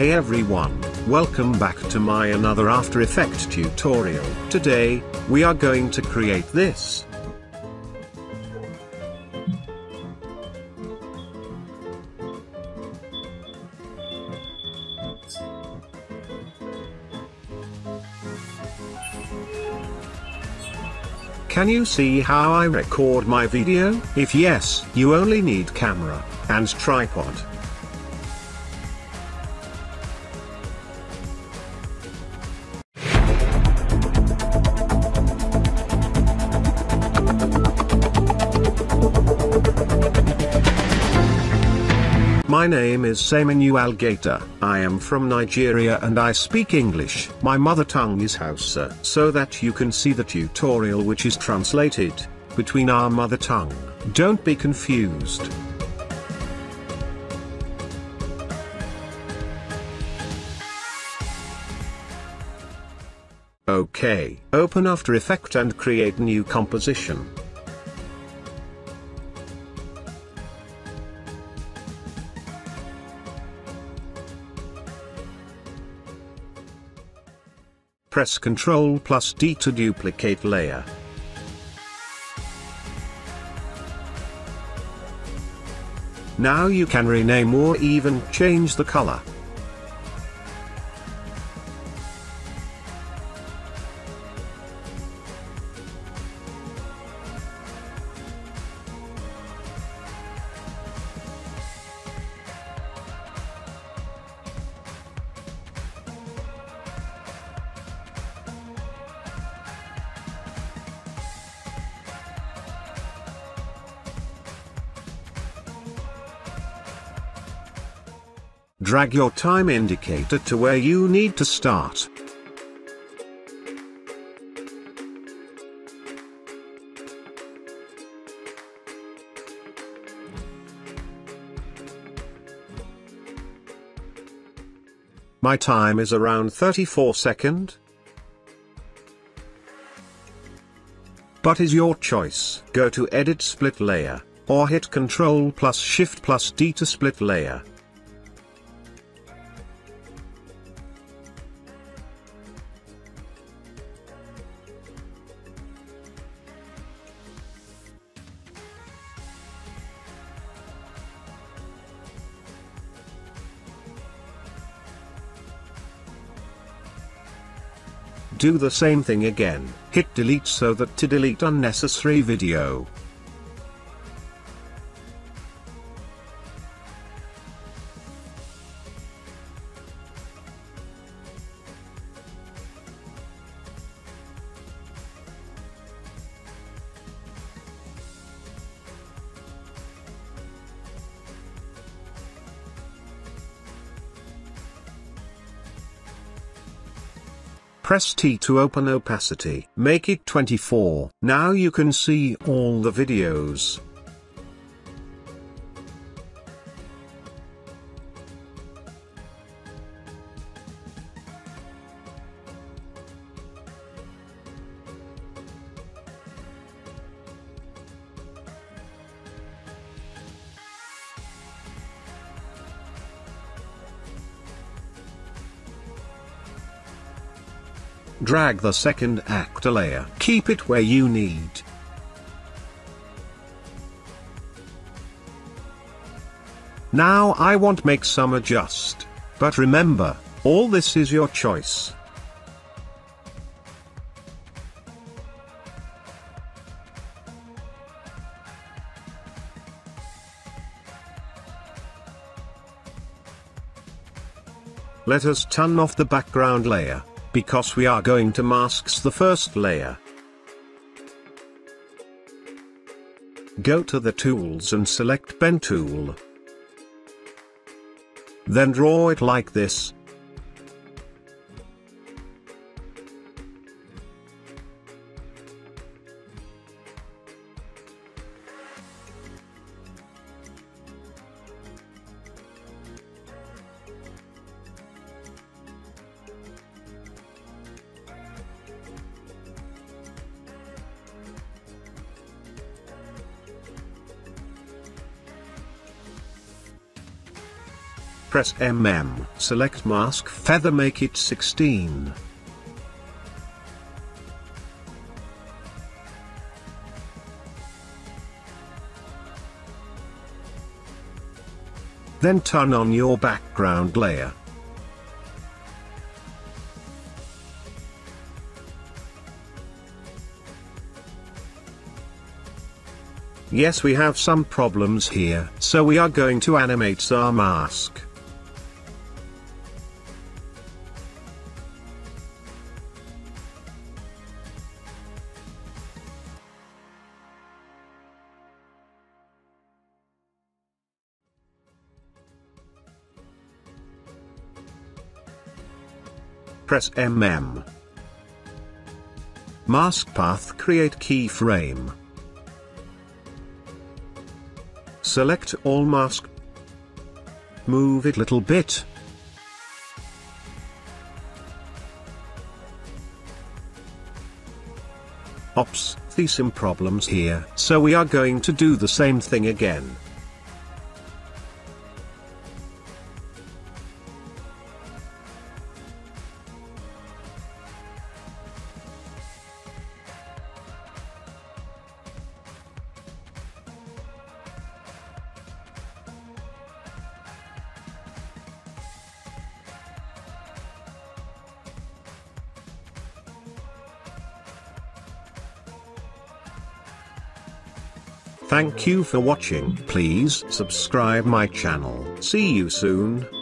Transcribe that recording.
Hey everyone, welcome back to my another After Effects tutorial. Today, we are going to create this. Can you see how I record my video? If yes, you only need camera, and tripod. My name is Saminu Algata. I am from Nigeria and I speak English. My mother tongue is Hausa. So that you can see the tutorial which is translated between our mother tongue. Don't be confused. OK. Open After Effect and create new composition. Press Ctrl plus D to duplicate layer. Now you can rename or even change the color. Drag your time indicator to where you need to start. My time is around 34 second. But is your choice. Go to edit split layer, or hit Ctrl plus Shift plus D to split layer. do the same thing again, hit delete so that to delete unnecessary video. Press T to open opacity. Make it 24. Now you can see all the videos. Drag the second actor layer. Keep it where you need. Now I want make some adjust. But remember, all this is your choice. Let us turn off the background layer because we are going to masks the first layer. Go to the tools and select pen tool. Then draw it like this. press MM. Select mask feather make it 16. Then turn on your background layer. Yes we have some problems here, so we are going to animate our mask. press MM. Mask path create keyframe. Select all mask. Move it little bit. Ops, some problems here, so we are going to do the same thing again. Thank you for watching. Please subscribe my channel. See you soon.